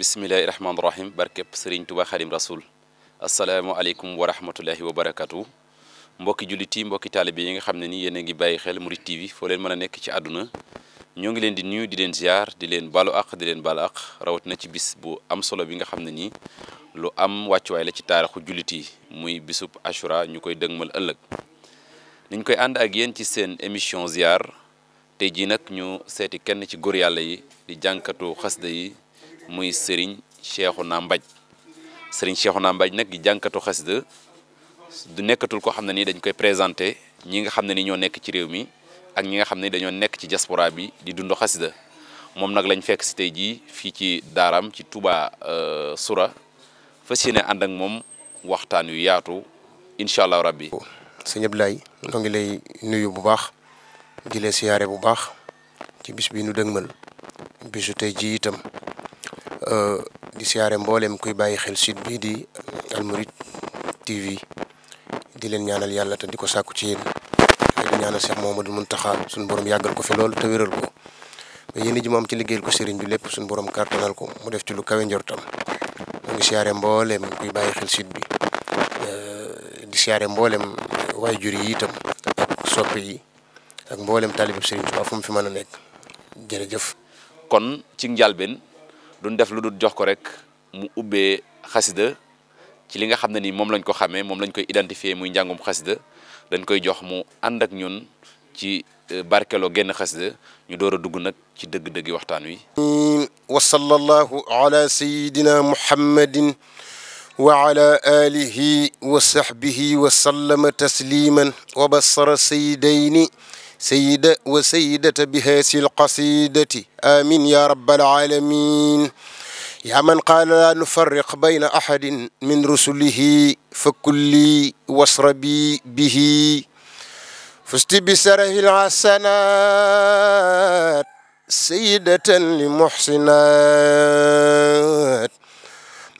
bisimilahi rahmaani rahim barkeb Serigne Touba Khadim Rasoul aleykum wa rahmatullahi wa barakatu mbokki jullit yi mbokki taalibe yi nga xam ne ni yéen a ngi bàyyi xel Mouride TV foo leen mën a nekk ci àdduna ñoo ngi leen di nuyu di leen ziar di leen balu ak di leen balu ak rawatina ci bis bu am solo bi nga xam ne nii lu am wàccuwaay la ci taarixu jullit yi muy bisub Ashura ñu koy dëgmal ëllëg niñ koy ànd ak yéen ci seen émission ziar te jii nag ñu seeti kenn ci góor yàlla yi di jànkatu xasda yi. muy sëriñ Cheikhouna Mbaj sëriñ Cheikhouna Mbaj nag di jànkatu xasida du nekkatul koo xam ne nii dañ koy présenté ñi nga xam ne ni ñoo nekk ci réew mi ak ñi nga xam ne dañoo nekk ci diaspora bi di dund xasida moom nag lañ fekk si tey jii fii ci daaraam ci Touba euh, Soura fas yéene ànd ak moom waxtaan wi yaatu incha allah rabbi. sëñ Abdoulaye ñoo ngi lay nuyu bu baax di la siyaare bu baax ci bis bi nu dëgmal bisu tey itam Euh, di siyaare mbooleem kuy bàyyi xel site bii di Almouride TV di leen ñaanal yàlla te di ko sàkku ci yéen di ñaanal Cheikh mun Mountakha suñu borom yàggal ko fi loolu te wéral ko ba yéen ji mu ci liggéeyal ko sëriñ bi lépp suñu borom kàttanal ko mu def ci lu kawe njortam mu ngi siyaare mboolem kuy bàyyi xel site bi euh, di siyaare mboolem waajur yi itam ak soppi yi ak mboolem taalibeb sëriñ Tuubaa fu mu fi mën a nekk jërëjëf. kon ci njàlbeen. duñ def lu dul jox ko rek mu ubbee xasida ci li nga xam ne ni moom lañ ko xamee moom lañ koy identifier muy njàngum xasida dañ koy jox mu ànd ak ñun ci euh, barkeloo genn xasida ñu door a dugg nag ci dëgg-dëggi waxtaan wi wa sallallahu ala sayidina muhammadin wa ala alihi wa sahbihi wa sallama tasliman wa basara sayidayni سيد وسيدة بهاس القصيدة آمين يا رب العالمين يا من قال لا نفرق بين أحد من رسله فكلي وصربي به فزت بسره الحسنات سيدة لمحسنات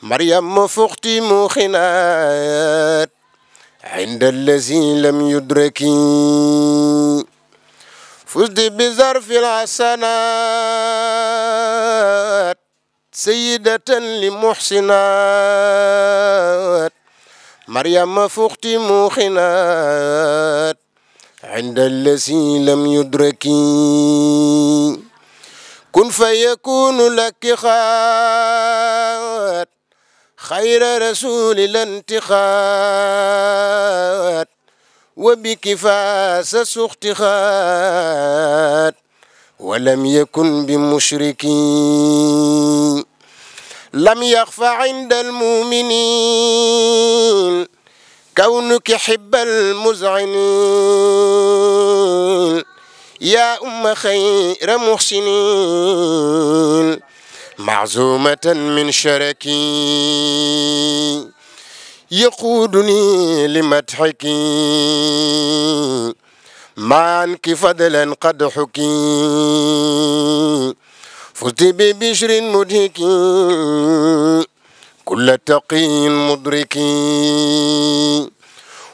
مريم فقت مخنات عند الذي لم يدركين فزت بظرف الحسنات سيدة لمحسنات مريم فخت موخنات عند الذي لم يدركي كن فيكون لك خات خير رسول الانتخاب وبكفاس سختخات ولم يكن بمشركين لم يخف عند المؤمنين كونك حب المزعنين يا أم خير محسنين معزومة من شركين يقودني لمدحك ما عنك فضلا قد حكي فزت ببشر مدهك كل تقي مدرك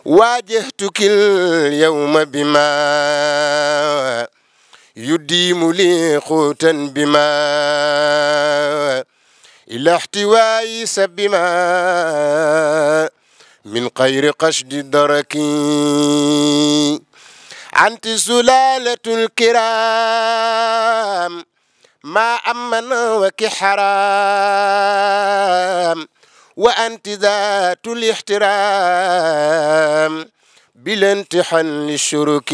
واجهتك اليوم بما يديم لي قوتا بما إلى احتواء سب ماء من غير قشد دركي أنت سلالة الكرام ما أمن وكحرام وأنت ذات الاحترام بلا امتحان للشرك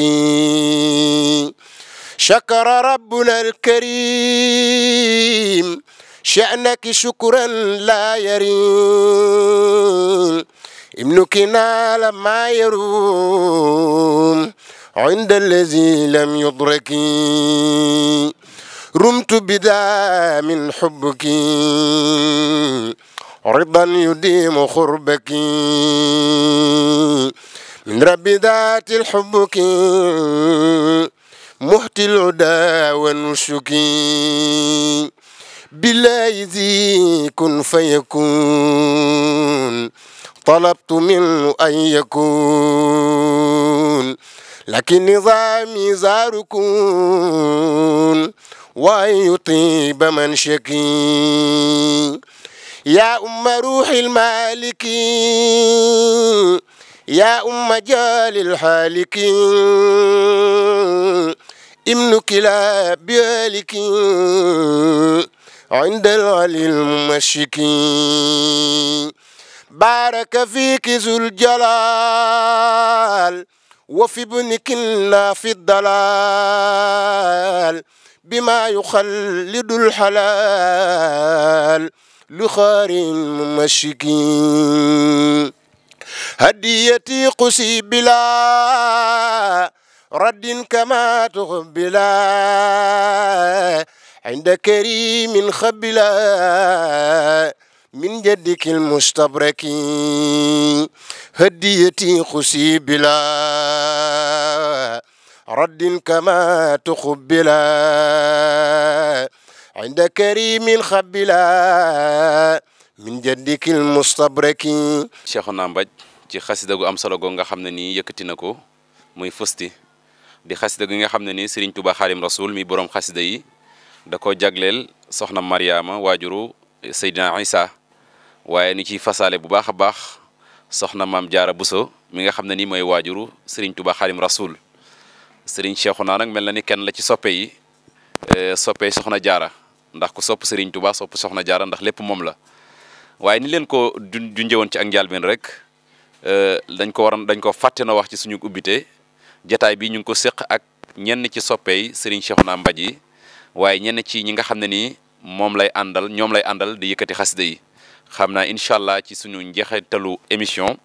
شكر ربنا الكريم شأنك شكرا لا يرين ابنك نال ما يروم عند الذي لم يدرك رمت بدا من حبك رضا يديم خربك من رب ذات الحبك محت العدا والنشك بالله ذي كن فيكون طلبت منه أن يكون لكن نظامي زاركون وأن يطيب من شكي يا أم روح المالكين يا أم جال الحالكين ابن كلاب يالكين عند العلي المشكين بارك فيك ذو الجلال وفي ابنك في الضلال بما يخلد الحلال لخار مشكين هديتي قسي بلا رد كما تغبلا عند كريم خبلا من جدك المستبرك هديتي خسي بلا رد كما تخبلا عند كريم خبلا من جدك المستبرك شيخنا مباج تي خاسيدو ام سالو غوغا خامن ني ييكتي نكو موي فستي دي خاسيدو غيغا خامن ني سيرن توبا خاريم رسول مي بروم خاسيدو da jaglel jagleel soxna Mariama wajuru Seydina Isa waaye ni ciy fasaale bu baax a baax soxna maam Jaara Buso mi nga xam ne sering mooy waajuru Serigne Touba Xadim Rasoul Serigne Cheikhouna nag mel na ni kenn la ci soppe yi e, soppe soxna Jaara ndax ku sopp Serigne Touba sopp soxna Jaara ndax lépp moom la ni ko junjee ci ak njàlbeen rek e, dañ ko waroon dañ ko na wax ci suñu ubbite jataay bi ñu ko séq ak ñenn ci soppe yi Serigne Cheikhouna Mbaj waaye ñenn ci ñi nga xam ne nii moom lay àndal ñoom lay àndal di yëkkati xasida yi xam naa incha allah ci suñu njeexitalu émission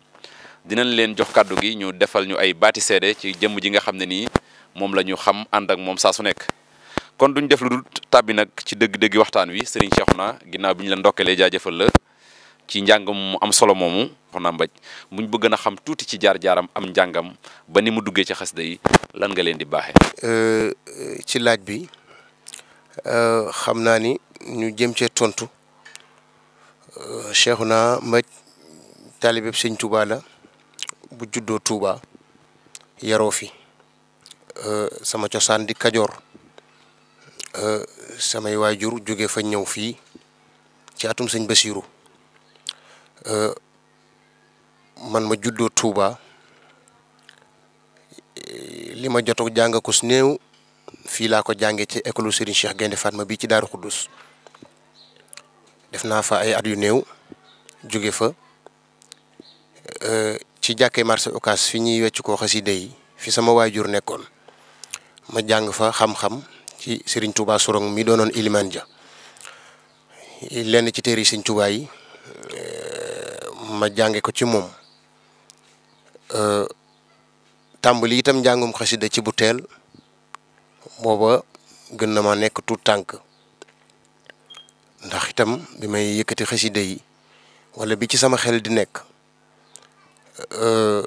dinañ leen jox kàddu gi ñu defal ñu ay baati seede ci jëmm ji nga xam ne nii moom la ñu xam ànd ak moom saa su nekk. kon duñ def lu dul tàbbi nag ci dëgg-dëgg waxtaan wi Serigne naa ginnaaw bi ñu la ndokkelee jaajëfal la ci njàngam mu am solo moomu Cheikhouna Mbaj muñ bëgg na xam tuuti ci jaar-jaaram am njàngam ba ni mu duggee ci xasida yi lan nga leen di baaxee. Euh, euh, ci laaj bi. Euh, xam naa ni ñu jëm cee tontu euh, Cheikhouna Mbaj taalibeb sëñ Touba la bu juddoo tuubaa yaroo fi euh, sama cosaan di Kajoor samay waajur jóge fa ñëw fii ci atum sëñ Basiru man ma juddoo tuubaa li ma jotog jàng ko néew Fila la ko jàngee ci école Serigne Cheikh gende Fatma bi ci daru khudus defna fa ay at yu new jóge fa euh, ci jàkkee marché Ocass fi ñi wéccu ko xasside yi fi sama wajur nekkon ma jang fa xam-xam ci Serigne Touba Sorong mi donon Iliman ja lenn ci téré Serigne Touba yi euh, ma jangé ko ci euh tambali itam jangum xasida ci booba gën na ma nekk tuut tànk ndax itam bi may yëkkati xasida yi wala bi ci sama xel di nekk euh,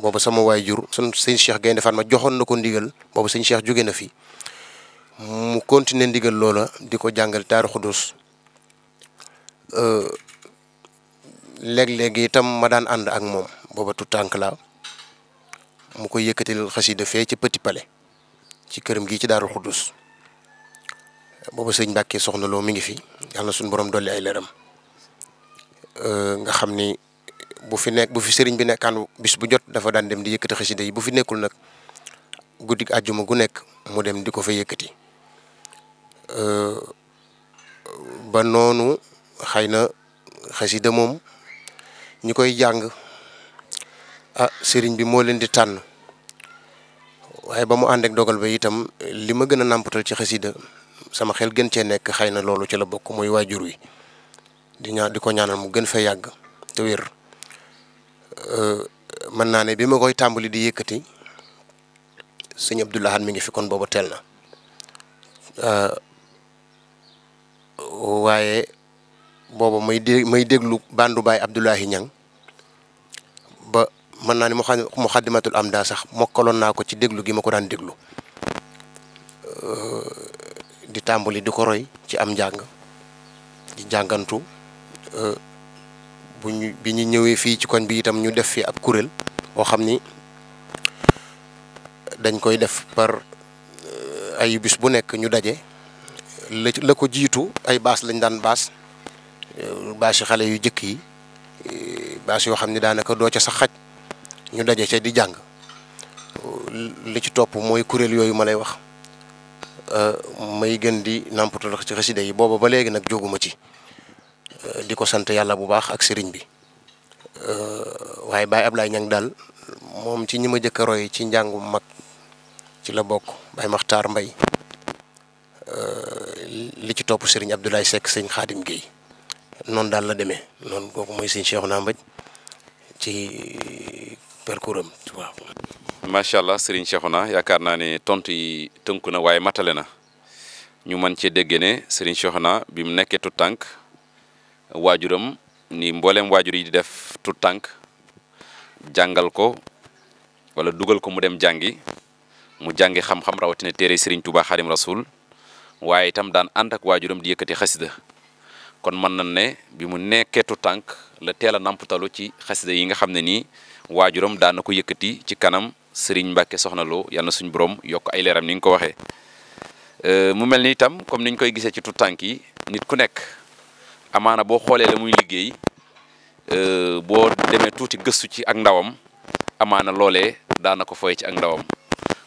booba sama waajur sun sëñ Cheikh Gaynde ma joxoon na ko ndigal booba sëñ Cheikh jóge na fi mu continuer ndigal loola di ko jàngal Daaru Xudus euh, léeg-léeg itam ma daan ànd ak moom booba tuut tànk la mu koy yëkkatil xasida fee ci Petit pale ci këram gi ci daarul xuddus booba sëñ Mbàkke soxna loo mi ngi fi yàlla na suñu borom dolli ay leeram euh, nga xam ni bu fi nekk bu fi sëriñ bi nekkaan bis bu jot dafa daan dem di yëkkati xasida yi bu fi nekkul nag guddi àjjuma gu nekk mu dem di ko fa yëkkati euh, ba noonu xëy na xasida moom ñi koy jàng a ah, sëriñ bi moo leen di tànn waaye ba mu ànd dogal ba itam li ma gën a nàmpatal ci xasida sama xel gën cee nekk xëy na loolu ci la bokk mooy waajur wi di ñaan di ko ñaanal mu gën fee yàgg te wér mën naa ne bi ma koy tàmbali di yëkkati sëñ Abdou Lahad mi ngi fi kon booba teel na waaye booba may dé may déglu bandu baay Abdoulahi Ñang mën naa ne mu muxaddimatul am daa sax mokkaloon naa ko ci déglu gi ma ko daan déglu di tambuli di ko roy ci am njàng di jàngantu bu ñu bi ñu fi fii ci koñ bi itam ñu def fii ab kuréel boo xam ni dañ koy def par ay bis bu nekk ñu daje la la ko jiitu ay baas lañ daan baas baas yi yu yi xaj ñu daje ca di jàng li ci topp mooy kuréel yooyu ma lay wax euh, may gën di nampatal ci xasida yi booba ba léegi nag jóguma ci euh, di ko sant yàlla bu baax ak sëriñ bi euh, waaye Baye Ablaye Niang daal moom ci ñu ma jëkk a roy ci njàngu mag ci la bokk Baye Makhtar Mbaye li ci topp sëriñ Abdoulaye Seck sëñ Xaadim Guèye noonu daal la demee noonu kooku mooy sëñ Cheikh Nambaj ci parcours am waaw. macha allah Serigne Cheikhouna yaakaar naa ne tontu yi tënku na waaye matale na ñu mën cee déggee ne Serigne bi mu nekkee tout tànk waajuram ni mbooleem waajur yi di def tout tànk jàngal ko wala dugal ko mu dem jàngi mu jàngi xam rawatina téere Serigne Touba Xadim Rasoul waaye itam daan ànd ak waajuram di yëkkati xasida kon mën na ne bi mu nekkee tout tànk la teel a namputalu ci xasida yi nga xam ne nii. waajuram daan na ko yëkkati ci kanam sëriñ Mbacke soxna Lo yal na suñu borom yokk ay leeram ni nga ko waxee. Euh, mu mel ni itam comme niñ koy gisee ci tout tànk yi nit ku nekk amaana boo xoolee la muy liggéey euh, boo demee tuuti gëstu ci ak ndawam amaana loolee daan na ko foye ci ak ndawam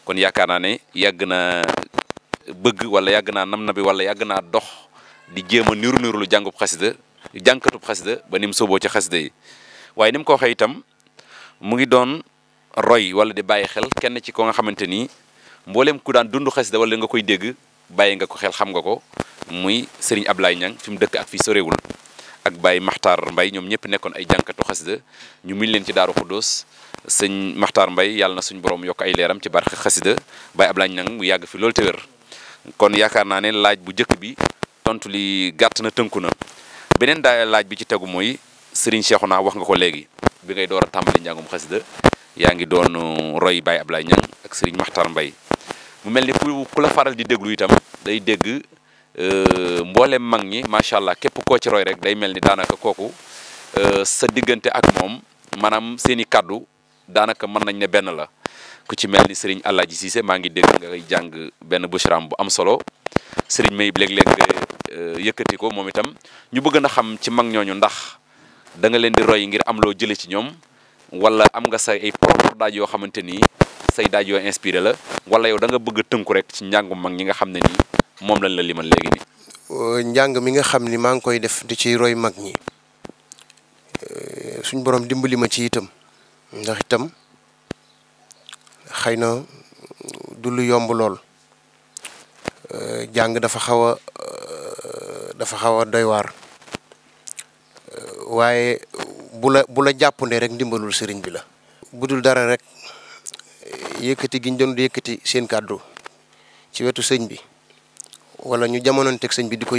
kon yaakaar naa ne yàgg na bëgg wala yàgg naa nam na bi wala yàgg naa dox di jéem a niru niru lu jàngub xasida jànkatub xasida ba ni mu sóoboo ci xasida yi waaye ni mu ko waxee itam mu ngi doon roy wala de bàyyi xel kenn ci ko nga xamante ni mbooleem ku daan dund xasida wala nga koy dégg bàyyi nga ko xel xam nga ko muy Serigne Ablaye Niang fi mu dëkk ak fi sorewul ak bàyyi Makhtar mbay ñoom ñëpp nekkoon ay jànkatu xasida ñu miin leen ci Daaru Xuddoos sëñ Makhtar Mbaye yàlla na suñ borom yokk ay leeram ci barke xasida Baye Ablaye Niang mu yàgg fi loolu te wér kon yaakaar naa ne laaj bu njëkk bi tontu li gàtt na tënku na beneen daa laaj bi ci tegu mooy Serigne naa wax nga ko léegi bi ngay door a tàmbali njàngum xasida yaa ngi doon uh, roy Baye Ablaye Niang ak Serigne Makhtar mbay mu mel ni ku ku la faral di déglu itam day dégg uh, mboolem mag ñi macha allah képp koo ci roy rek day mel ni daanaka kooku uh, sa diggante ak moom maanaam seen i kaddu daanaka mën nañ ne benn la ku ci mel ni Serigne ji Cissé maa ngi dégg ngay jàng benn bushram bu am solo Serigne May léeg-léeg yëkkati ko moom itam ñu bëgg na xam ci mag ñooñu ndax. da nga leen di roy ngir am loo jëlee ci ñoom wala am nga say ay propre daaj yoo xamante ni say daaj yoo inspiré la wala yow da nga bëgg a tënku rek ci njàngu mag ñi nga xam ne nii moom lañ la limal léegi nii. Euh, njàng mi nga xam ni maa ngi koy def di ci roy mag ñi euh, suñ borom dimbali ma ci itam ndax itam xëy na du lu yomb lool njàng euh, dafa xaw a dafa xaw a doy waar. waye bula bula jappone rek dimbalul serigne bi la. budul dara rek yëkkati giñ doon yëkkati seen cadeau ci wetu serigne bi wala ñu ak serigne bi di ko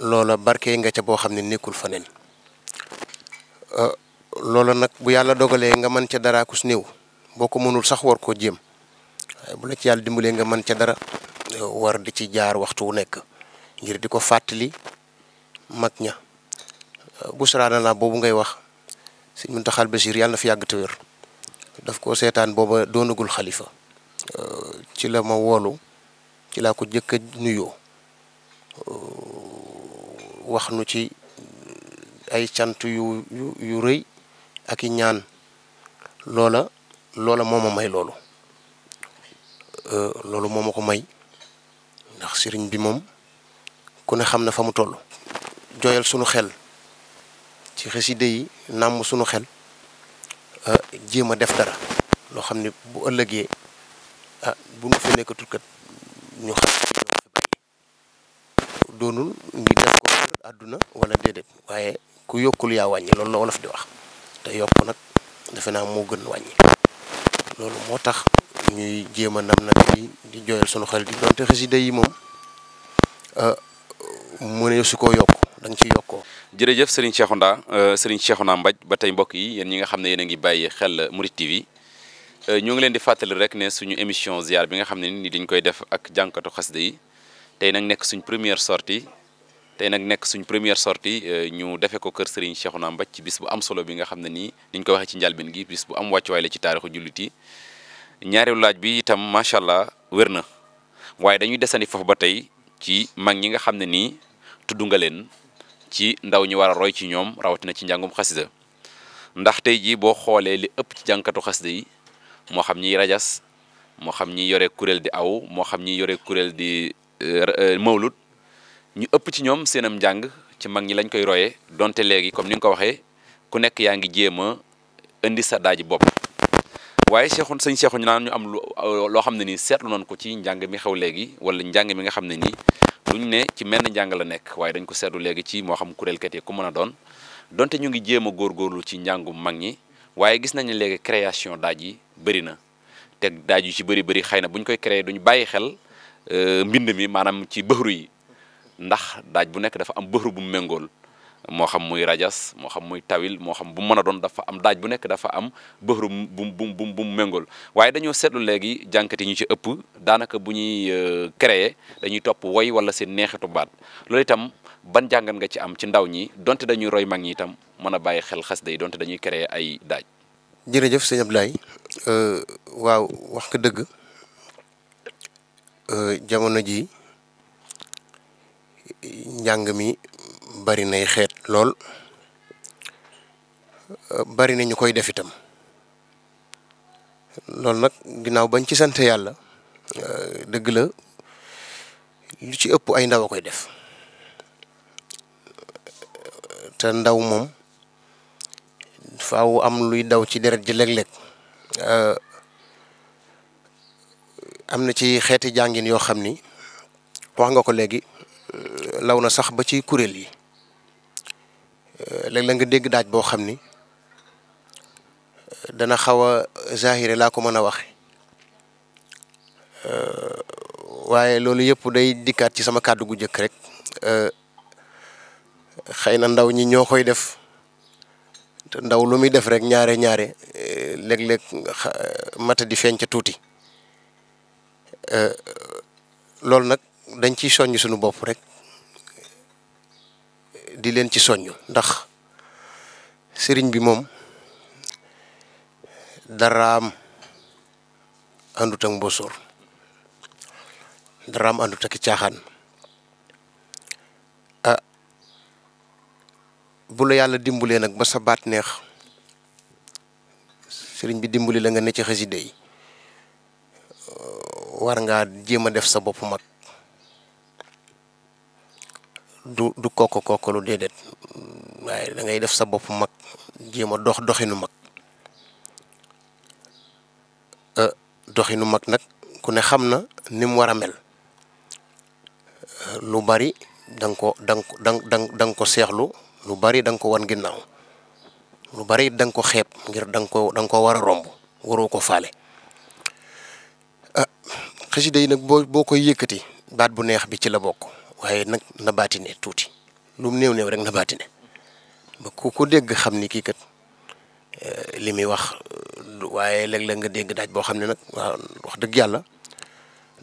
lola barke nga ca bo xamne nekul fanen euh lola nak bu yalla dogale nga man ca dara kus si boko mënul sax war ko jëm bu la ci yalla dimbulé nga man ca dara war di ci jaar waxtu nek ngir di ko fàttali busraana naa boobu ngay wax sëñ Muntaxa Basiir yàlla fi yàgg te daf ko seetaan booba doonagul xalifa ci la ma woolu ci laa ko jëkk a nuyoo wax nu ci ay cant yu yu yu rëy ak i ñaan loola loola moo ma may loolu loolu moo ma ko may ndax sëriñ bi moom ku ne xam na fa mu toll jooyal sunu xel ci xasida yi nàmm suñu xel euh, jéem a def dara loo xam ne bu ëllëgee ah bu nu fi nekkatul kat ñu xam doonul ngir def ko àdduna wala déedéet waaye ku yokkul yaa wàññi loolu la wolof di wax te yokk nag defe naa moo gën wàññi loolu moo tax ñuy jéem a nam na di di jooyal sunu xel di donte xasida yi moom euh, mënee su ko yokk da nga ciy yokkoo jërëjëf Serigne Cheikhouna euh, Serigne Cheikhouna ba tey mbokk yi yéen ñi nga xam ne yéen a ngi bàyyi xel Mouride TV euh, ñoo ngi leen di fàttali rek ne suñu émission ziar bi nga xam ne nii dañ koy def ak jànkatu xasida yi tey nag nekk suñu première sorti tey nag nekk suñu première sortie euh, ñu defe ko kër Serigne Cheikhouna Mbaj ci bis bu am solo bi nga xam ne nii niñ koy waxee ci njalbin gi bis bu am wàccuwaay la ci taarixu jullit yi ñaareelu laaj bi itam macha allah wér na waaye dañuy desandi foofu ba tey ci mag ñi nga xam ne nii tudd nga leen ci ndaw ñi war a roy ci ñoom rawatina ci njàngum xasida ndax tey jii boo xoolee li ëpp ci jànkatu xasida yi moo xam ñiy rajas moo xam ñi yore kuréel di aw moo xam ñi yore kuréel di eh, eh, mawlud ñu ëpp ci ñoom seenam njàng ci mag ñi lañ koy royee donte léegi comme ni nga ko waxee ku nekk yaa ngi jéem a indi sa daaji bopp waaye seexun sëñ seexu ñu naan ñu am lu loo xam ne nii seetlu nañ ko ci njàng mi xew léegi wala njàng mi nga xam ne nii ñu ne ci menn njàng la nekk waaye dañ ko seetlu léegi ci moo xam kuréelkat yi ku mën a doon donte ñu ngi jéem a góorgóorlu ci njàngu mag ñi waaye gis nañ léegi création daaj yi bëri na te daaj yu ci bëri bëri xëy na bu ñu koy créer duñu bàyyi xel euh, mbind mi maanaam ci bëxru yi ndax daaj bu nekk dafa am bëxru bu mu méngool moo xam muy rajas moo xam muy tawil moo xam bu mën a doon dafa am daaj bu nekk dafa am bëxru bu bu bu bu mu méngool waaye dañoo seetlu léegi jànkat yi ñu ci ëpp daanaka bu ñuy euh, créer dañuy topp woy wala seen neexitu baat loolu itam ban jàngat nga ci am ci ndaw ñi donte dañuy roy mag ñi itam mën a bàyyi xel xas day donte dañuy créer ay daaj. jërëjëf sëñ Abdoulaye euh, waaw wax nga dëgg euh, jamono ji njàng mi. bari nay xeet lool bari na ñu koy def itam loolu nag ginnaaw bañ ci sant yàlla dëgg la lu ci ëpp ay ndaw a koy def te ndaw moom faw am luy daw ci deret ji léeg-léeg am na ci xeeti jàngin yoo xam ni wax nga ko léegi law na sax ba ci kuréel yi Euh, léeg-léeg nga dégg daaj boo xam ni euh, dana xaw a zahire laa ko mën a waxe euh, waaye loolu yëpp day dikkaat ci sama kàddu njëkk rek xëy na ndaw ñi ñoo koy def ndaw lu muy def rek ñaare ñaare léeg-léeg mata di feeñ ca tuuti loolu nag dañ ciy soññ sunu bopp rek di len ci soñu ndax serigne bi mom daram andut ak mbosor daram andut ak tiaxan a ah, bu la yalla dimbulé nak ba sa bat neex serigne bi dimbulé la nga ne ci war nga jema def sa bop mak du du koko koko lu dedet way da ngay def sa bop mak jema dox doxinu mak euh doxinu mak nak ku ne xamna nim wara mel euh, lu bari dang ko dang dang dang dang ko seexlu lu bari dang ko wan ginnaw lu bari dang ko xeb ngir dang ko dang ko wara rombu waro ko falé euh xisi day nak boko yëkëti baat bu neex bi ci la bokku waaye nag na baatine tuuti lu mu néew néew rek na baatine ba ku ko dégg xam ni kii kat eh, li muy wax waaye léeg-léeg nga dégg daaj boo xam ne nag waaw wax dëgg yàlla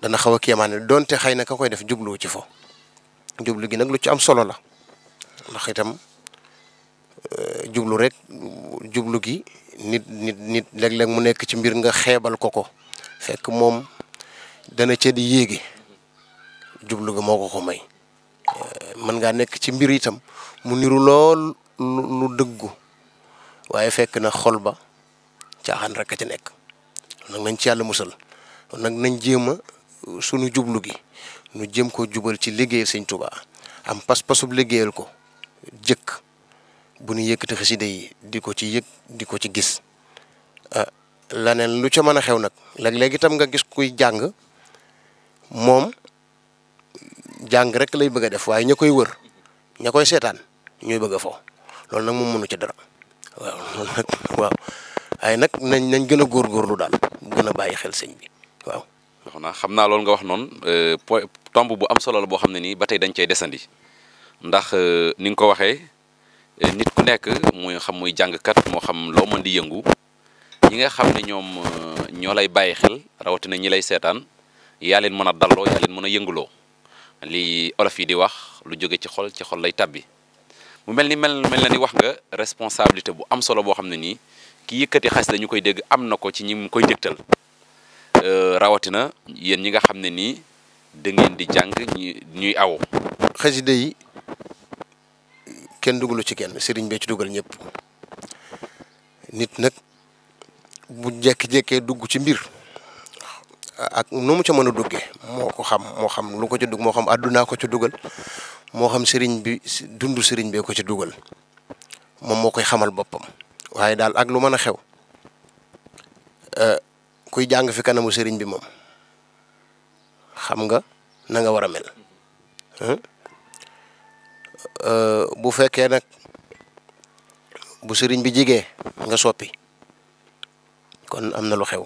dana xaw a kéemaane donte xëy na ko koy def jubluwu ci fo jublu gi nag lu ci am solo la ndax eh, jublu rek jublu gi nit nit nit léeg-léeg mu nekk ci mbir nga xeebal ko ko fekk moom dana ca di yéegi jublu nga moo ko ko may mën ngaa nekk ci mbir itam mu niru lool lu dëggu waaye fekk na xol ba caaxaan rek a ca nekk nag nañ ci yàlla musal nag nañ jéem a sunu jublu gi nu jéem ko jubal ci liggéeyal sëñ Tuubaa am pas-pasub liggéeyal ko jëkk bu ñu yëkkati xasida yi di ko ci yëg di ko ci gis ah, laneen lu ca mën a xew nag léeg-léeg itam nga gis kuy jàng moom jàng rek lay bëgg a def waaye ña koy wër ña koy seetaan ñooy bëgg a fo loolu nag moom mënu ci dara waaw nag waaye nag nañ nañ gën a góor góorlu daal gën a bàyyi xel sëñ bi waaw. naa xam naa loolu nga wax noonu euh, point tomb bu am solo la boo xam ne nii ba tey dañ cay desandi ndax euh, ni nga ko waxee euh, nit ku nekk muy xam muy jàngkat moo xam loo mën di yëngu ñi nga xam ne ñoom ñoo lay bàyyi xel rawatina ñi lay seetaan yaa leen mën a dalloo yaa leen mën a yënguloo. lii olof yi di wax lu jóge ci xol ci xol lay tàbbi mu mel ni mel mel na ni wax nga responsabilité bu am solo boo xam ne nii ki yëkkati xasida ñu koy dégg am na ko ci ñi mu koy dégtal euh, rawatina yéen ñi nga xam ne nii da ngeen di jàng ñuy aw xasida yi kenn dugalu ci kenn sëriñ bee ci dugal ñëpp nit nag bu jekki-jekkee dugg ci mbir ak nu mu ca mën a duggee moo ko xam moo xam lu ko ca dugg moo xam àddunaa ko ca dugal moo xam sëriñ bi dundu sëriñ bee ko ca dugal moom moo koy xamal boppam waaye daal ak lu mën a xew euh, kuy jàng fi kanamu sëriñ bi moom xam nga na nga war a mel euh, bu fekkee nag bu sëriñ bi jigee nga soppi kon am na lu xew.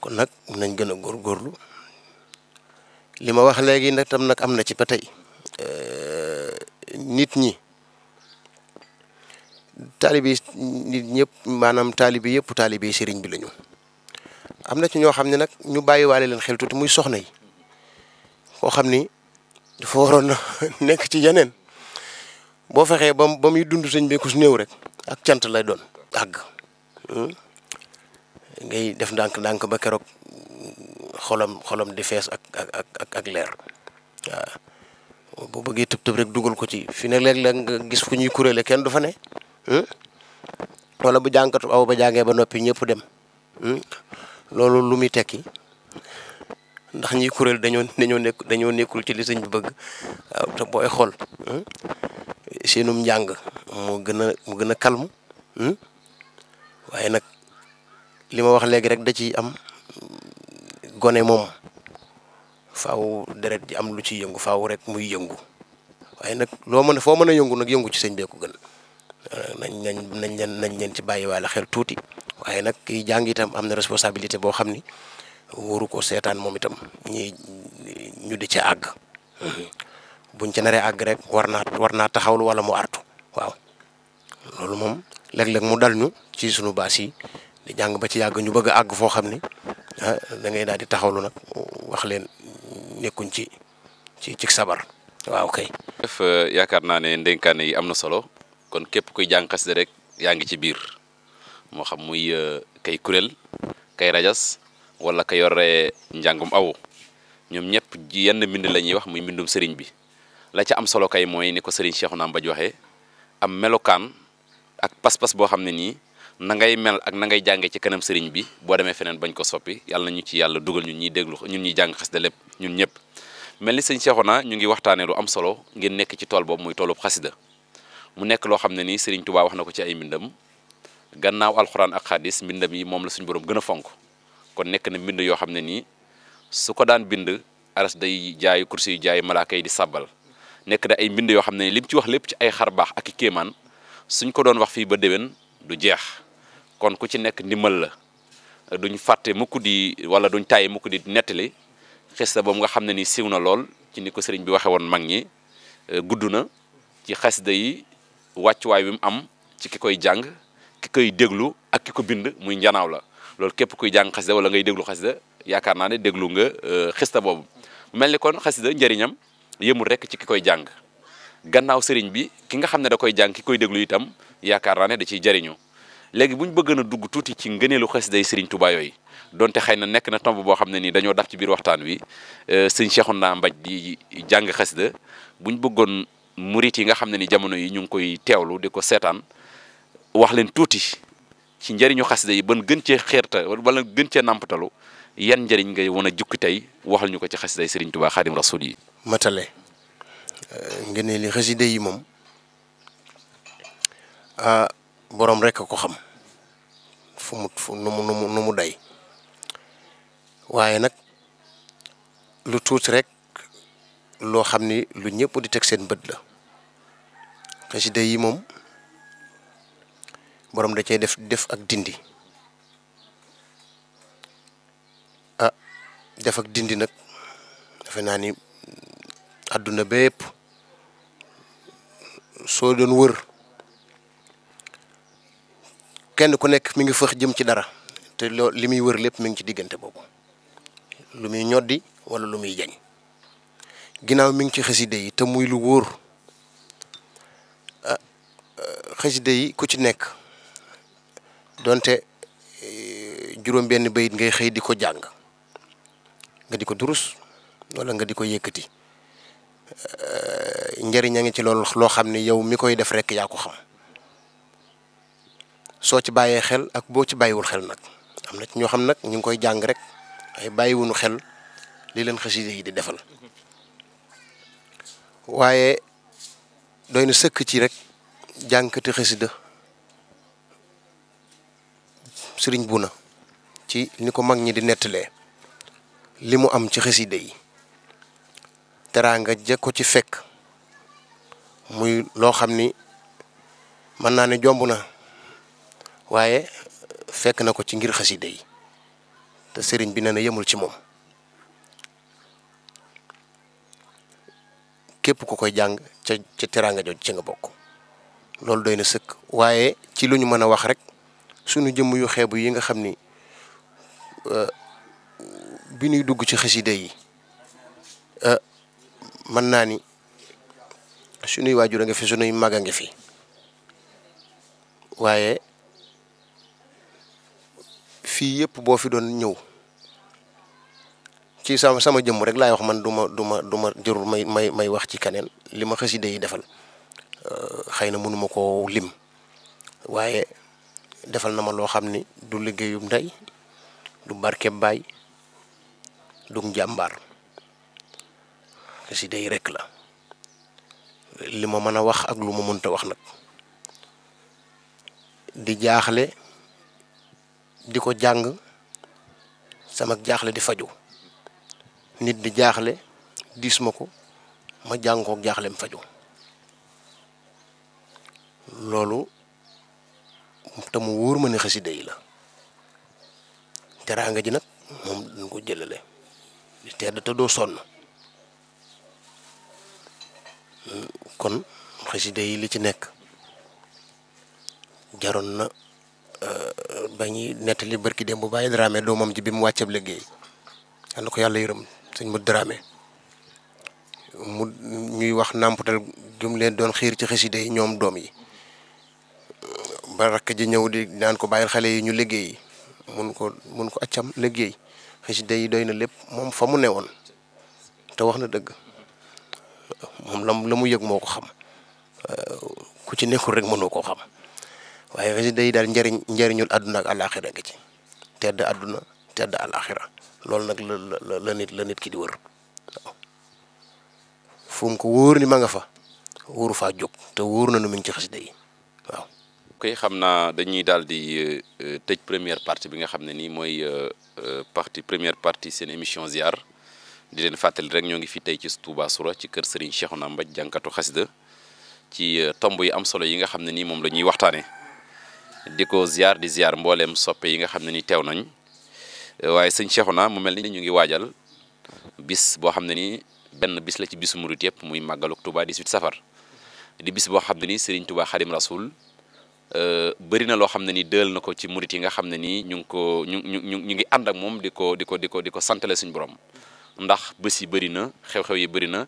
kon nag mu nañ gën a góorlu li ma wax léegi nag tam nag am na ci ba tey nit ñi taalibi nit ñëpp maanaam taalibi yëpp taalibi sëriñ bi lañu am na ci ñoo xam ne nag ñu bàyyiwaale leen xel tuuti muy soxna yi koo xam ni dafa waroon na nekk ci yeneen boo fexee ba ba muy dund sëñ bi ku su néew rek ak cant lay doon àgg hmm? ngay def ndànk-ndànk ba kérok xolam xolam di fess ak ak ak ak ak leer waaw boo bëggee tup tëb rek duggal ko ci fi ne léeg-léeg nga gis fu ñuy kurélé kenn du fa hmm wala bu jankatu aw ba jangé ba nopi ñëpp dem loolu lu mi tekki ndax ñi kurel dañu dañu nek dañu nekul ci li señ bi bëgg ta boy xol hmm seenum jang mo gëna mo gëna gën hmm waye nak li ma wax léegi rek da ciy am gone moom faw deret ji am lu ciy yëngu faaw rek muy yëngu waaye nag loo mën foo mën a yëngu nag yëngu ci sëñ bee ko gën euh, nañ nañ nañ leen nañ leen ci bàyyiwaale xel tuuti waaye nag kiy jàng am na responsabilité boo xam ni waru ko seetaan moom itam ñi ñu di ca àgg hmm. buñ ci naree àgg rek war naa war naa taxawlu wala mu artu waaw loolu moom léeg-léeg mu dal ñu ci sunu baas yi di jang ba ci yag ñu bëgg a fo xamni ah, da ngay daal di taxawlu nag wax leen nekkuñ ci ci ci sabar waaw kay. def euh, yaakaar naa ne ndénkaane yi am solo kon képp kuy jàng de rek yaa ngi ci biir moo xam muy euh, kay kurel kay rajas wala ka yore njàngum aw ñoom ñëpp yenn mbind la ñuy wax muy mbindum sëriñ bi la ca am solo kay mooy ni ko sëriñ Cheikhouna Mbaj waxee am melokaan ak pas-pas boo xam ne na ngay mel ak na ngay jàngee ci kanam sëriñ bi bo démé feneen bañ ko soppi yalla nañu ci yalla dugal ñun ñi dégglu ñun jang xass xasida lepp ñun ñëpp melni sëriñ Cheikhouna ñu ngi waxtané lu am solo ngeen nekk ci tol bob muy toolub khassida mu nekk lo xamné ni sëriñ Touba wax na ci ay mindam gannaaw alcorane ak hadith mindam yi mom la suñu borom gëna fonk kon nekk na mind yo xamné ni su ko daan bind aras day jaay kursi jaay malaaka yi di sàbbal nekk da ay mbind yo xam lim ci wax lepp ci ay xarbaax ak i suñ ko doon wax fi ba déwén du jeex kon ku ci nekk ndimmal la duñ fàtte mukk di wala duñ tàyyi mukk di nettali xista boobu nga xam ne ni siiw na lool ci ni ko sëriñ bi waxe woon mag ñi eh, gudd na ci xasida yi wàccuwaay bi mu am ci ki koy jàng ki koy déglu ak ki ko bind muy njanaaw la loolu képp kuy jàng xasida wala ngay déglu xasida yaakaar naa ne déglu nga eh, xista boobu mel ni kon xasida njëriñam yëmul rek ci ki koy jàng gannaaw sëriñ bi ki nga xam ne da koy jàng ki koy déglu itam yaakaar naa ne da ciy jëriñu léegi bu ñu bëgg a dugg tuuti ci ngëneelu xasida yi Serigne Touba yooyu donte xëy na nekk na tomb boo xam ne ni dañoo daf ci biir waxtaan wi euh, sëñ Cheikhouna Mbaj di jàng xasida bu ñu bëggoon murit yi nga xam ne ni jamono yi ñu ngi koy teewlu di ko seetaan wax leen tuuti ci njariñu xasida yi ban gën cee xeerta wala gën cee nàmpatalu yan njëriñ ngay wan a jukki tey waxal ñu ko ci euh, xasida yi Serigne Touba Xaadim Rasul yi. matale ngëneeli xasida moom. Ah, borom rekk a ko xam fu mu fu nu mu nu mu day waaye nag lu tuuti rekk loo xam ni lu ñëpp di teg seen bët la xasida yi moom boroom da cay def def ak dindi ah, def ak dindi nag defe naa ni àdduna bépp soo doon wër kenn ku nekk mi ngi fëx jëm ci dara te loo li muy wër lépp mi ngi ci diggante boobu lu muy ñoddi wala lu muy jañ ginnaaw mi ngi ci xaside yi te muy lu wóor ah, ah, xaside yi ku ci nekk donte eh, juróom benn bayit ngay xëy di ko jàng nga di ko durus wala nga di ko yëkkati eh, njëriñ a ngi ci lool loo xam ne yow mi koy def rekk yaa ko xam soo ci bàyyee xel ak boo ci bàyyiwul xel nag am na ci ñoo xam nag ñu ngi koy jàng rek ay bàyyiwuñu xel li leen xasida yi di defal waaye doy na sëkk ci rek jànkati xasida sëriñ na ci ni ko mag ñi di nettalee li mu am ci xasida yi teraanga ja ko ci fekk muy loo xam ni mën naa ne jomb na waaye fekk na ko ci ngir xasida yi te sëriñ bi nee na yemul ci moom képp ku koy jàng ca ca teraanga jooju ci nga bokk loolu doy na sëkk waaye ci lu ñu mën a wax rek sunu jëmm yu xeebu yi nga xam ni euh, bi ñuy dugg ci xasida yi euh, mën naa ni sunuy waajur a nga fi sunuy mag a ngi fi waaye fi yëpp boo fi doon ñëw ci sama sama jëm rek laay wax man duma duma duma jërul may may may wax ci kanen li ma xasida yi defal euh, xëy na mënuma koo lim waaye defal na ma loo xam ni du liggéeyum ndey du barkeb baay du njàmbaar xasida yi rek la li ma mën a wax ak lu mënta wax nag di jaaxle di ko jàng sama jaaxle di fajo nit di jaaxle diis ma ko ma jàng ko jaaxleem faju loolu te mu wóor ma ne xasida la teraanga ji nag moom dañ ko jëlale te doo sonn hmm, kon xasida li ci nekk jaroon na Euh, ba ñuy nettali barki dem bu bàyyi Dramé doomam ji bi mu wàcceeb liggéey yal na ko yàlla yërëm sëñ mu Dramé mu ñuy wax nàmpatal jum leen doon xiir ci xasida yi ñoom doom yi ba rakk ji ñëw di naan ko bàyyi xale yi ñu liggéey mun ko mun ko accam liggéey xasida yi doy na lépp moom fa mu ne woon te wax na dëgg moom la la mu yëg moo ko xam euh, ku ci nekkul rek mënoo koo xam waaye xasida yi daal njëriñ njëriñul àdduna ak nga ci tedd àdduna tedd àllaaxira loolu nag la la nit la nit ki di wër waaw ko wóor ni ma nga fa wóoru fa jóg te wóor na nu muñ ngi ci xasida yi waaw. koy xam naa dañuy daal di euh, euh, tëj première partie bi nga xam ne nii mooy euh, partie première partie seen émission ziar di leen fàttali rek ñoo ngi fi tey ci Touba ci kër Serigne Cheikhouna Mbaj jànkatu xasida ci tomb yi am solo yi nga xam ne nii moom la ñuy waxtaanee. di ko ziar di ziar mbooleem soppe yi nga xam ne ni teew nañ waaye sëñ Cheikhouna mu mel ni ñu ngi waajal bis boo xam ne ni benn bis la ci bisu murit yëpp muy màggalu Touba 18 safar di bis boo xam ne ni Serigne Touba Xadim Rasoul euh, bëri na loo xam ne ni dël na ko ci murit yi nga xam ne nii ñu ngi ko ñu ñu ñu ngi ànd ak moom di ko di ko di ko di ko santale suñ borom ndax bés yi bëri na xew-xew yi bëri na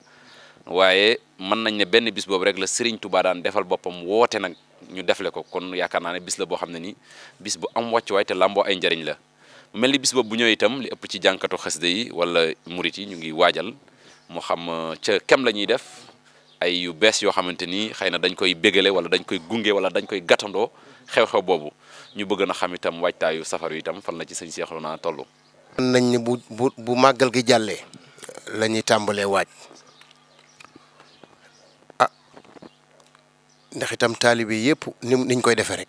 waaye mën nañ ne benn bis boobu rek la Serigne Touba daan defal boppam woote nag ñu defle ko kon yaakaar naa ne bis la boo xam ne ni bis bu am wàccuwaay te làmboo ay njariñ la mu mel ni bis boobu bu ñëwee itam ëpp ci jànkatu xasida yi wala murit yi ñu ngi waajal moo xam uh, ca kem lañuy def ay yu bees yoo xamante ni xëy na dañ koy bégale wala dañ koy gunge wala dañ koy gàttandoo xew-xew boobu ñu bëgg na xam itam waajtaayu safar yu itam fan na ci sëñ naa tollu. nañ ni bu bu bu màggal gi jàllee la ñuy tàmbalee waaj. ndax itam taalibe yëpp ni niñ koy defee rek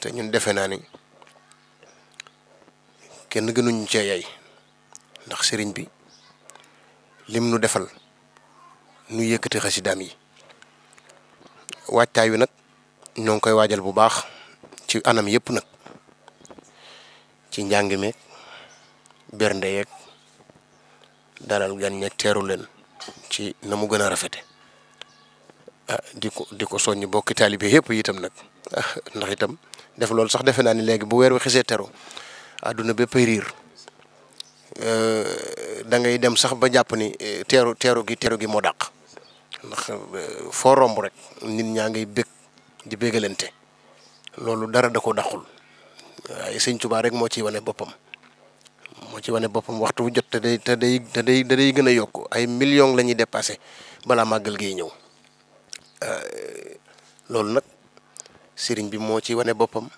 te ñun defe naa ni kenn gënuñu cee yay ndax sëriñ bi lim nu defal nu yëkkati xasidaam yi waajtaay wi nag ñoo ngi koy waajal bu baax ci anam yëpp nag ci njàng meeg bernde yeeg dalal gan ñeeg teeru leen ci na mu gën a rafete Ah, di ko di ko soññ bokki taalibe yëpp itam nag ah, ndax itam def loolu sax defe naa ni léegi bu weer wi xisee teru àdduna bépp riir eh, da ngay dem sax ba jàpp ni eh, teeru teeru gi teeru gi moo dàq ndax eh, foo romb rek nit ñaa ngi bég di bégalante loolu dara da ko dàqul waaye sëñ Tuubaa rek moo ciy wane boppam moo ci wane boppam waxtu bu jot te day te day te day gën a yokk ay millions la ñuy dépassé balaa màggal gi ñëw. Euh, loolu nag sëriñ bi moo ci wane boppam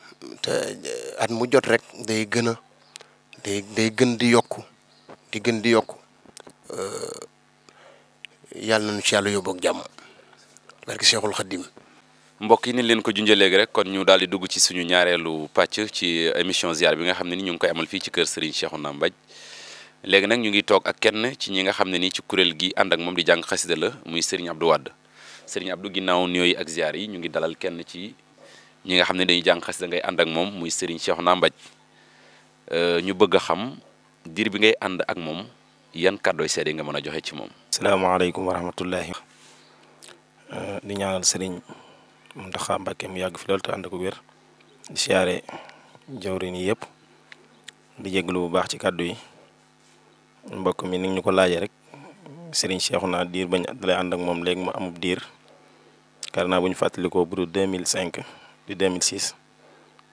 euh, at mu jot rek day gën a day gën di yokk di gën di yokku euh, yàlla nañu ci yàlla yóbbu ak jàmm barke Cheikhul Khadim mbokk yi ni leen ko junjee léegi rek kon ñu daal dugg ci suñu ñaareelu pàcc ci émission ziar bi nga xam ne ni ñu ngi koy amal fii ci kër Serigne Cheikhouna Mbaj léegi nag ñu ngi toog ak kenn ci ñi nga xam ne ni ci kuréel gi ànd ak moom di jàng xasida la muy Serigne du wàdd sëriñ Abdou ginnaaw nuyoo yi ak ziar yi ñu ngi dalal kenn ci ñi nga xam ne dañuy jàng xasida ngay ànd ak moom muy sëriñ Cheikhouna Mbaj euh, ñu bëgg a xam diir bi ngay ànd ak moom yan kàddooy seede nga mën a joxe ci moom. salaamaaleykum wa rahmatullahi euh, di ñaanal sëriñ Mountakha Mbacké mu yàgg fi lool te ànd ko wér di siyaare jawrin yi yëpp di jégalu bu baax ci kàddu yi mbokk mi ni ñu ko laajee rek sëriñ Cheikhouna diir bañ dalay ànd ak moom léegi mu amub diir. yaakaar naa bu ñu fàttalikoo bu du 2005 di 2006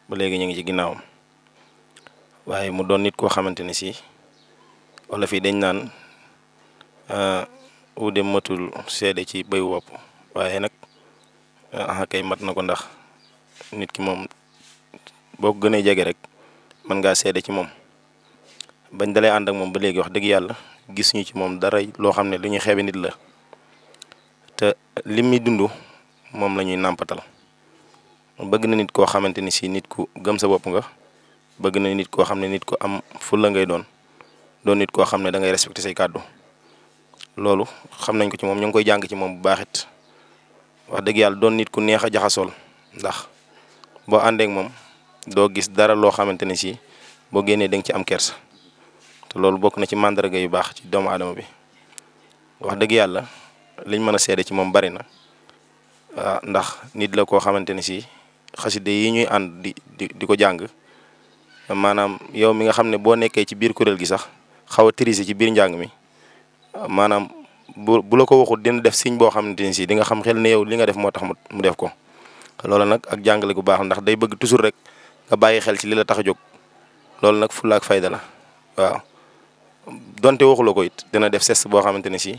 ba léegi ñu ngi ci ginnaawam waaye mu doon nit koo xamante ne si wala fii dañ naan euh, uude matul seede ci béyu wopp waaye nag ah kay mat na ko ndax nit ki moom boo ko gënee jege rek mën ngaa seede ci moom bañ dalay ànd ak moom ba léegi wax dëgg yàlla gis ñu ci moom dara loo xam ne lu ñuy xeebe nit la te li muy dund mom lañuy nampatal bëgg na nit ko xamanteni si nit ku gëm sa bop nga bëgg na nit ko xamne nit ku am la ngay doon do nit ko xamne da ngay respecté say cadeau lolu xam nañ ko ci mom ñu koy jang ci mom bu baaxit wax deug yalla doon nit ku neexa jaxasol ndax bo ande ak mom do gis dara lo xamanteni si bo gene deng ci am kersa te lolu bok na ci màndarga yu baax ci doomu adam bi wax deug yalla liñ mëna sédé ci mom bari na Ah, ndax nit la koo xamante ne si xaside yi ñuy ànd di di ko jàng maanaam yow mi nga xam ne boo nekkee ci biir kuréel gi sax xaw a triser ci biir njàng mi maanaam bu bu la dina def siñ boo xamante ne si di nga xam xel ne yow li nga def moo tax mu def ko loolu nag ak jàngale gu baax ndax day bëgg toujours rek nga bàyyi xel ci li la tax a jóg loolu nag fulla ak fayda la waaw donte ko it dina def sess boo xamante ne si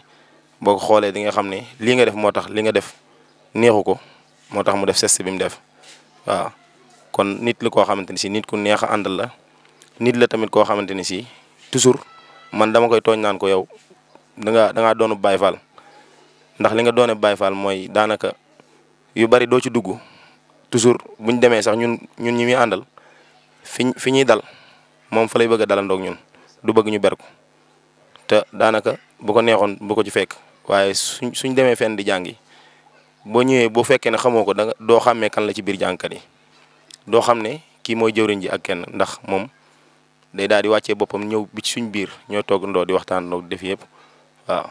boo ko xoolee di nga xam ne nga def moo tax li nga def neexu ko moo mu def geste bi mu def waaw kon nit la koo xamante ni si nit ku neex a àndal la nit la tamit koo xamante ni si toujours man dama koy tooñ naan ko yow da nga da ngaa doonu Baye Fall ndax li nga doone Baye Fall mooy daanaka yu bari doo ci dugg toujours buñ demee sax ñun ñun ñi muy àndal fi fi ñuy dal moom fa lay bëgg a dalandoog ñun du bëgg ñu ber ko te daanaka bu ko neexoon bu ko ci fekk waaye suñ suñ fenn di jàngi boo ñëwee boo fekkee ne xamoo ko da nga doo kan la ci biir jàngkat yi doo xam ne kii mooy jëwriñ ji ak kenn ndax moom day daal di wàccee boppam ñëw bi ci suñ biir ñoo toog ndoo di waxtaan ndoo di def yëpp waaw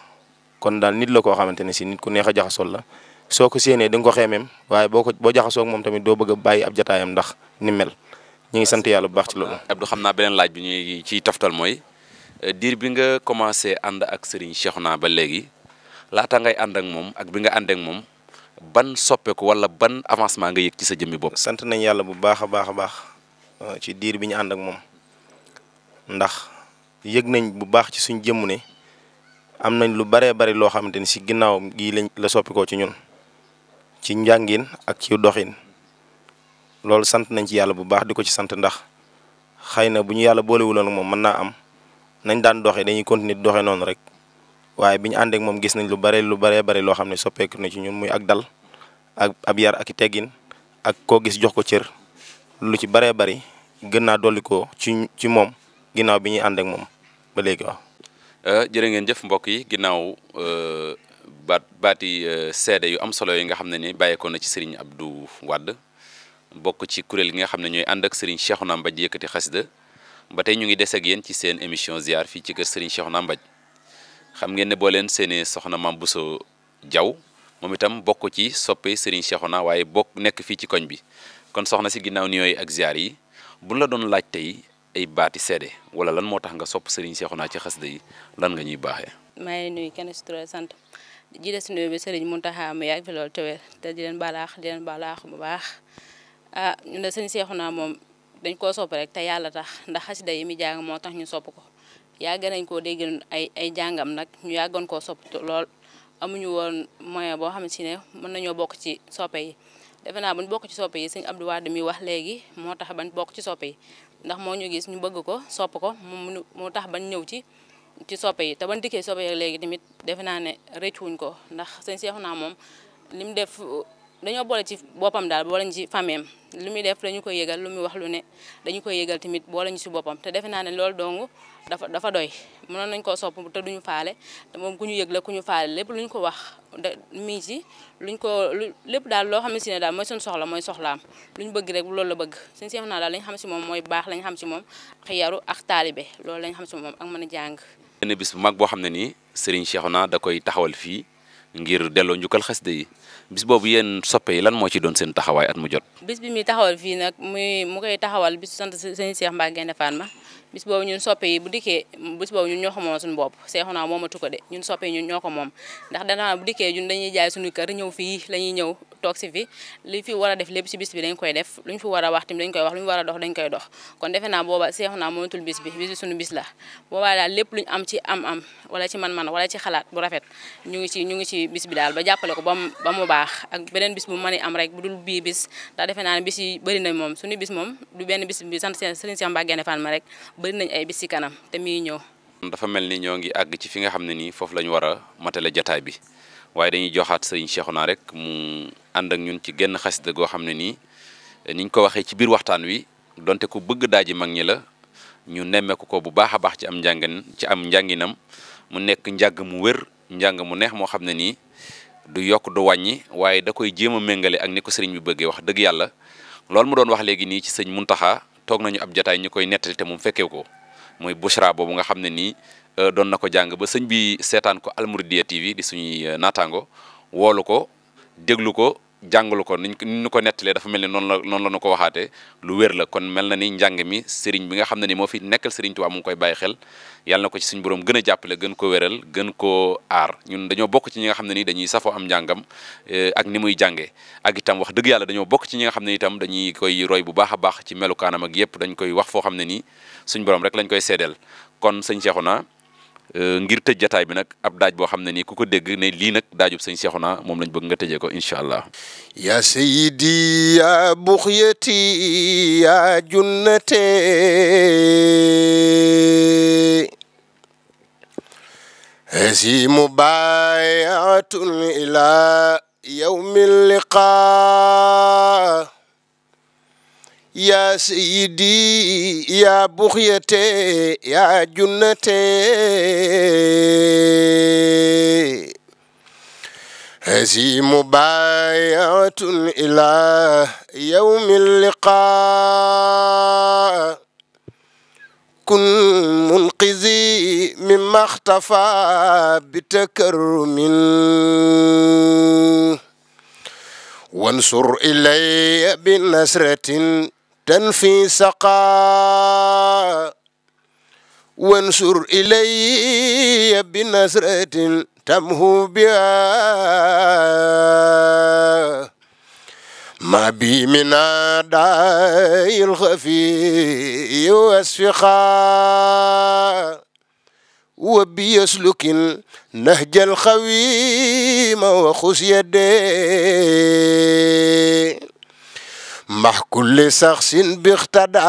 kon daal nit la koo xamante ne si nit ku neex a jaxasoo la soo ko séenee da ko xeemeem waaye boo ko boo jaxasoo moom tamit doo bëgg bàyyi ab jataayam ndax ni mel ñu ngi sant yàlla bu baax ci loolu. Abdou xam naa beneen laaj bi ñuy ciy toftal mooy euh, diir bi nga commencé ànd ak Serigne Cheikhouna ba léegi laata ngay ànd ak moom ak bi nga ànd ak moom ban soppeeku wala ban avancement nga yëg ci sa jëmmi bopp. sant nañ yàlla bu baax a baax a baax euh, ci diir bi ñu ànd ak moom ndax yëg nañ bu baax ci suñ jëmm ne am nañ lu baree bari loo xamante ni si ginnaaw gii lañ la soppeekoo ci ñun ci njàngin ak ci doxin loolu sant nañ ci yàlla bu baax di ko ci sant ndax xay na bu ñu yàlla boolewuloon ak moom mën naa am nañ daan doxee dañuy continue di doxee noonu rek. waye bi ñu mom ak gis nañ lu bare lu bare bare lo xam ne na ci ñun muy ak dal ak ab yar ak teggin ak ko gis jox ko cër lu ci bare bari gëna doliko ko ci ci mom ginaaw biñu ñuy ak moom ba léegi waaw. Euh, ngeen jëf mbokk yi euh, baat baati euh, sédé yu am solo yi nga xam ni bàyyeekoo na ci Serigne Abdou wad bok ci kurel gi nga xam ñoy and ak Serigne Cheikhouna nambaaj yëkëti xasida ba tay ñu ngi déss ak yeen ci seen émission ziar fi ci kër Serigne Cheikhouna nambaaj xam ngeen ne boo leen seeni soxna Mame Bousso Diaw moom itam bokk ci soppe Serigne Cheikhouna waaye bokk nekk fii ci koñ bi kon soxna si ginnaaw ni yooyu ak ziar yi buñ la doon laaj tey ay baati seede wala lan moo tax nga sopp Serigne Cheikhouna ci xasida yi lan nga ñuy baaxee. maa ngi nuyu kenn si tur sant ji des nuyu bi Serigne Mountakha mu yàgg fi loolu tewee te ah, ñu ne Serigne Cheikhouna moom dañ koo sopp rek te yàlla tax ndax xasida yi mi jàng moo tax ñu sopp ko. yàgg nañ koo dégg ay ay jàngam nag ñu yàggoon koo sopp lool amuñu woon moyen boo xamante ne mën nañoo bokk ci soppe yi defe naa buñ bokk ci soppe yi sëñ Abdou Wade mi wax léegi moo tax bañ bokk ci soppe ndax moo ñu gis ñu bëgg ko sopp ko moo tax bañ ñëw ci ci soppe yi te bañ dikkee soppe léegi tamit defe naa ne rëccuwuñ ko ndax sëñ Cheikhouna moom li mu def dañoo boole ci boppam daal boole ci fameem lu muy def dañu koy yëgal lu muy wax lu ne dañu koy yëgal tamit boole ñu ci boppam te defe naa ne loolu dong dafa dafa doy mënoon nañ koo sopp te duñu faale te moom ku ñu yëg la ku faale lépp lu ko wax da luñ ko lépp daal loo xam ne si ne daal mooy suñu soxla mooy soxlaam lu ñu bëgg rek loolu la bëgg suñu seex naa daal lañ xam si moom mooy baax lañ xam si moom ak yaru ak taalibe loolu lañ xam si moom ak mën a jàng benn bis bu mag boo xam ne nii Serigne Cheikhouna da koy taxawal fii ngir delloo njukkal xasida yi bis boobu yéen soppe yi lan moo ci doon seen taxawaay at mu jot bis bi muy taxawal fii nag muy mu koy taxawal bis sant Serigne Cheikh Mbacké Gaïndé Fatma bis boobu ñun soppe yi bu dikkee bis boobu ñun ñoo ko moom suñu bopp seexunaa moomatu ko de ñun soppe ñun ñoo ko moom ndax danaa bu dikkee ñun dañuy jaay suñu kër ñëw fii la ñuy ñëw toog si fi li fi war a def lépp si bis bi dañ koy def lu ñu war wax tamit dañ koy wax lu ñu war a dox dañ koy dox kon defe naa booba seexunaa moomatul bis bi bis bi suñu bis la boobaa daal lépp lu ñu am ci am-am wala ci man-man wala ci xalaat bu rafet ñu ngi ci ñu ngi ci bis bi daal ba jàppale ko bam ba mu baax ak beneen bis bu mën am rek bu dul bii bis ndax defe naa ne bis yi bëri na moom suñu bis moom du benn bis bi sant Serigne Cheikh Mbacké Fall ma rek bari nañ ay bis ci kanam te muy ñëw. dafa mel ni ñoo ngi àgg ci fi nga xam ne nii foofu la matale jataay bi waaye dañuy joxaat sëriñ Cheikhouna rek mu ànd ak ñun ci genn xasida goo xam ne nii niñ ko waxee ci biir waxtaan wi donte ku bëgg daaji mag ñi la ñu nemmeeku ko bu baax baax ci am njàngin ci am njànginam mu nekk njàng mu wér njàng mu neex moo xam ne du yok du wàññi waaye da koy jéem a méngale ak ni ko sëriñ bi bëggee wax dëgg yàlla loolu mu doon wax léegi nii ci sëñ Muntaxa toog nañu ab jataay ñu koy nettali te moom fekkee ko mooy Bouchra boobu nga xam ne nii euh, doon na ko jàng ba sëñ bi seetaan ko Almouridiyyah TV di suñuy euh, naataango woolu ko déglu ko jàngalu ko niñ ni ko nettalee dafa mel ni noonu la noonu la nu ko waxaatee lu wér la kon mel na ni njàng mi sëriñ bi nga xam ne ni moo fi nekkal sëriñ Tuubaa mu ngi koy bàyyi xel yàlla na ko ci suñu borom gën a jàppale gën ko wéral gën koo aar ñun dañoo bokk ci ñi nga xam ne ni dañuy safoo am njàngam eh, ak ni muy jàngee ak itam wax dëgg yàlla dañoo bokk ci ñi nga xam ne itam dañuy koy roy bu baax a baax ci melukaanam ak yépp dañ koy wax foo xam ne nii suñu borom rek lañ koy seedeel kon sëñ Cheikhouna Euh, ngir tëj jataay bi nag ab daaj boo xam ne nii ku ko dégg ne lii nag daajub sëñ Seexuna moom lañ bëgg nga tëjee ko incha allah ya sayyidi ya buxyati ya junnate hasi mubayaatun ila yawmi liqa يا سيدي يا بغيتي يا جنتي هذه مبايعة إلى يوم اللقاء كن منقذي مما اختفى بتكرم وانصر إلي بنصرة تنفي سقا وانصر إلي بنصرة تمهو بها ما بي من أداء الخفي واسفقا وبي يسلك النهج الخويم وخس يديه سمح كل شخص باقتدى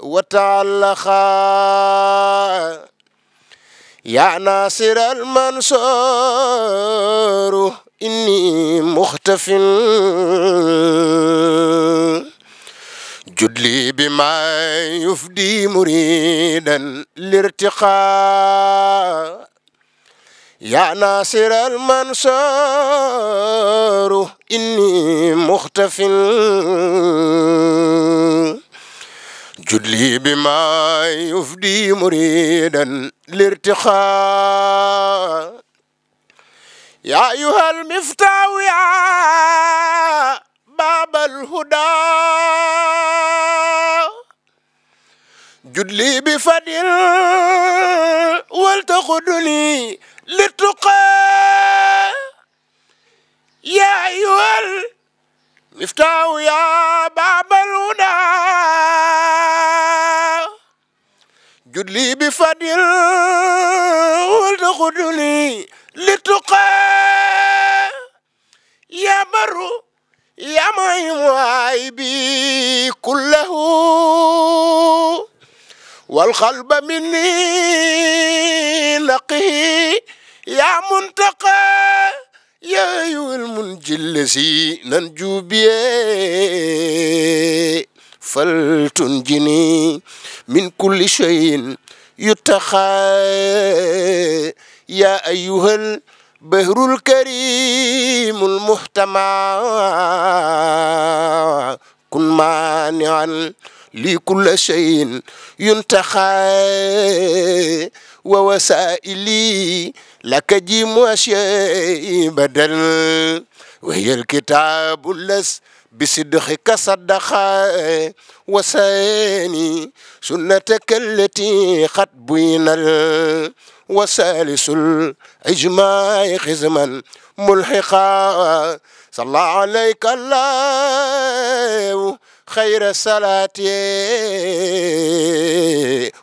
وتعلقا يا ناصر المنصور إني مختف جد لي بما يفدي مريدا لارتقاء يا ناصر المنصور إني مختف جدلي بما يفدي مريدا لارتخاء يا أيها المفتاح يا باب الهدى جدلي بفضل ولتخدني لتقى يا أيها المفتاح يا باب الهدى جد لي بفضل والخد لي لتقى يا بر يا معيم عيبي كله والقلب مني لقيه يا منتقى يا أيها المنجلسي ننجو بيه فلتنجني من كل شيء يتخى يا أيها البهر الكريم المحتمى كن مانعا لكل شيء ينتخى ووسائلي لك جيم شيء بدل وهي الكتاب اللس بصدقك صدق وساني سنتك التي قد بين وسالس الإجماع خزما ملحقا صلى عليك الله خير الصلاة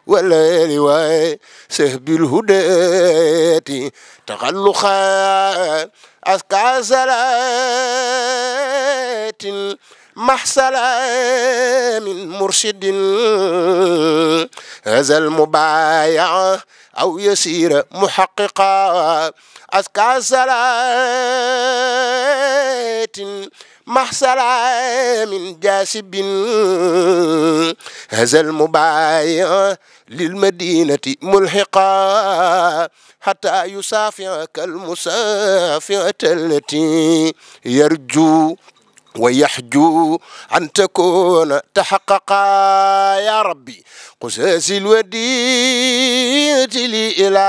والليل سهب الهدى تغلخا أسكى زلات محسلا من مرشد هذا المبايع أو يسير محققا أسكى زلات مع من جاسب هذا المبايع للمدينة ملحقا حتى يسافر كالمسافرة التي يرجو ويحجو أن تكون تحققا يا ربي قساس الودية لي إلى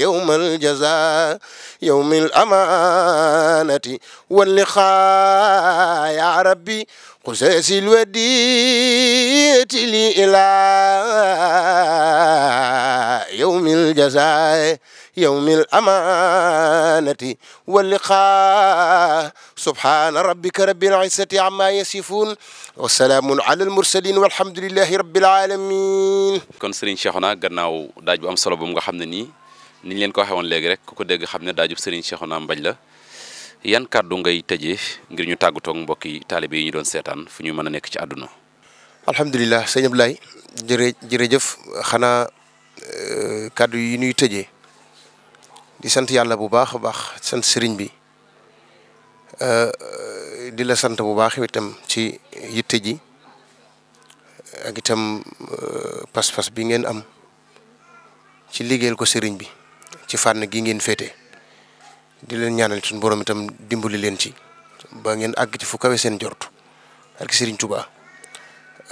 يوم الجزاء يوم الأمانة واللقاء يا ربي قساس الودية لي إلى يوم الجزاء يوم الأمانة واللقاء سبحان ربك رب العزة عما يصفون والسلام على المرسلين والحمد لله رب العالمين kon Serigne Cheikhouna gannaaw daaj bu am niñ leen ko waxee woon léegi rek ku ko dégg xam ne daajub Serigne Cheikhouna Mbathie la yan kàddu ngay tëjee ngir ñu tàggatoo ak mbokk yi taalibe yi ñu doon seetaan fu ñu mën a nekk ci àdduna. alhamdulilah sëñ Abdoulaye jërë jërëjëf xanaa euh, kàddu yi ñuy tëjee di sant yàlla bu baax a baax sant sëriñ bi euh, di la sant bu baax itam ci yitte ji ak euh, pas-pas bi ngeen am ci liggéeyal ko sëriñ bi. ci fann gi ngeen fété di leen ñaanal suñu borom itam dimbali leen ci ba ngeen ag ci fu kawé seen jortu ak Serigne Touba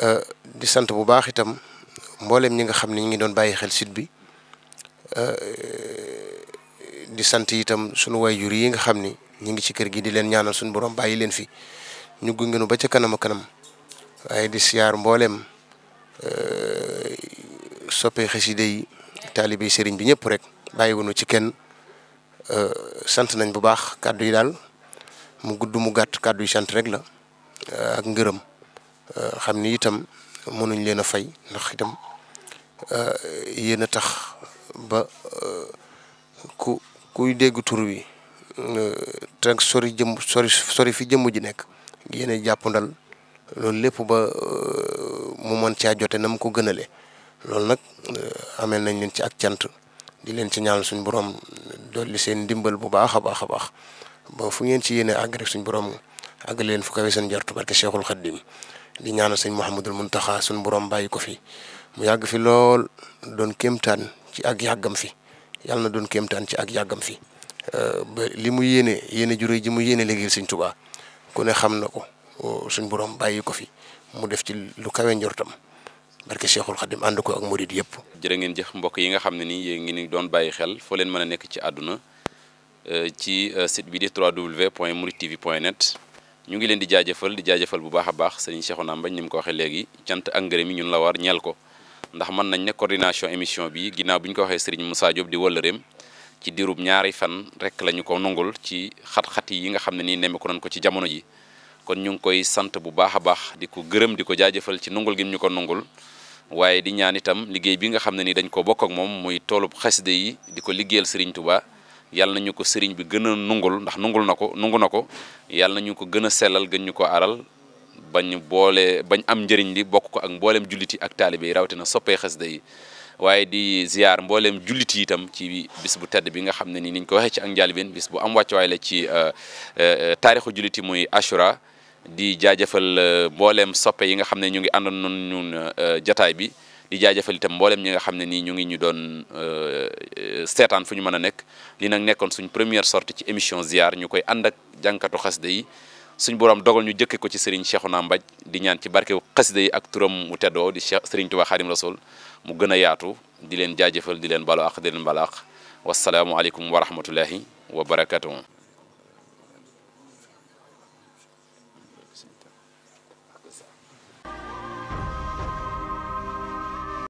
euh, di sante bu baax itam mboolem ñi nga xamni ñi ngi doon bayyi xel sit bi euh, di sante itam sunu Yuri yi nga xamni ñi ngi ci kër gi di leen ñaanal suñu borom bayyi leen fi ñu gungu ñu ba ca kanam kanam ay di siyaar mboolem euh, soppe xaside yi talibé Serigne bi ñepp rek. bàyyiwunu ci kenn euh, sant nañ bu baax kàddu yi daal mu gudd mu gàtt kàddu yi sant rek la euh, ak ngërëm euh, xam ni itam mënuñ leen a fay ndax itam yéen a tax ba ku kuy dégg tur wi te sori jëm sori sori fi jëmm ji nekk yéen a jàppandal loolu lépp ba mu mën caa jote na mu ko gënale loolu nag amee nañ leen ci ak cant di leen ci ñaan suñu borom dolli seen ndimbal bu baax a baax a baax ba fu ngeen ci yéene àgg rek suñu borom àgg leen fu kawe seen jortu barke Cheikhul Khadim di ñaanal sëñ Mouhamadul Muntaxa suñu borom bàyyi ko fi mu yàgg fi lool doon kéemtaan ci ak yàggam fi yàlla na doon kéemtaan ci ak yàggam fi ba li mu yéene yéene juré ji mu yéene léegi sëñ Tuubaa ku xam na ko suñ borom bàyyi ko fi mu def ci lu kawee njortam barke Cheikhul Khadim ànd ko ak murid yëpp. jërë ngeen jëf mbokk yi nga xam ne ni yéen ngi ni doon bàyyi xel foo leen mën a nekk ci àdduna euh, ci euh, site bi di www.mouridetv.net ñu ngi leen di jaajëfal di jaajëfal bu baax a baax sëriñ Cheikhouna Mbagne ni mu ko waxee léegi cant ak ngërëm yi ñun la war ñeel ko ndax mën nañ ne coordination émission bi ginnaaw bi ñu ko waxee sëriñ Moussa Diop di wëllëreem ci diirub ñaari fan rek lañu ko nungul ci xat yi nga xam ne nii nemmeeku nañ ko ci jamono ji kon ñu ngi koy sant bu baax a baax di ko gërëm di ko jaajëfal ci nungul gi ñu ko nungul waaye di ñaan itam liggéey bi nga xam ne ni dañ ko bokk ak moom muy toolub xaside yi di ko liggéeyal Serigne Touba na ñu ko Serigne bi gën a nungul ndax nungul na ko nungu na ko na ñu ko gën a sellal gën ñu ko aral bañ boole bañ am njëriñ li bokk ko ak mbooleem julliti ak taalibe yi rawatina soppee xaside yi waaye di ziar mboolem jullit yitam itam ci bis bu tedd bi nga xam ne ni niñ ko waxee ci ak njaalbeen bis bu am wàccuwaay la ci euh, euh, taarixu jullit yi muy Ashura di jaajëfal euh, mbooleem soppe yi nga xam ne ñu ngi àndoon noonu ñun euh, jataay bi di jaajëfal itam mbooleem ñi nga xam ne nii ñu ngi ñu doon euh, seetaan fu ñu mën a nekk li nag nekkoon suñ première sortie ci émission ziar ñu koy ànd ak jànkatu xasida yi suñ borom dogal ñu jëkke ko ci Serigne Cheikhouna Mbaj di ñaan ci barke xasida yi ak turam mu teddoo di Cheikh Serigne Touba Khadim Rasoul mu gën a yaatu di leen jaajëfal di leen balu ak di leen balu ak wasalaamualeykum wa rahmatullahi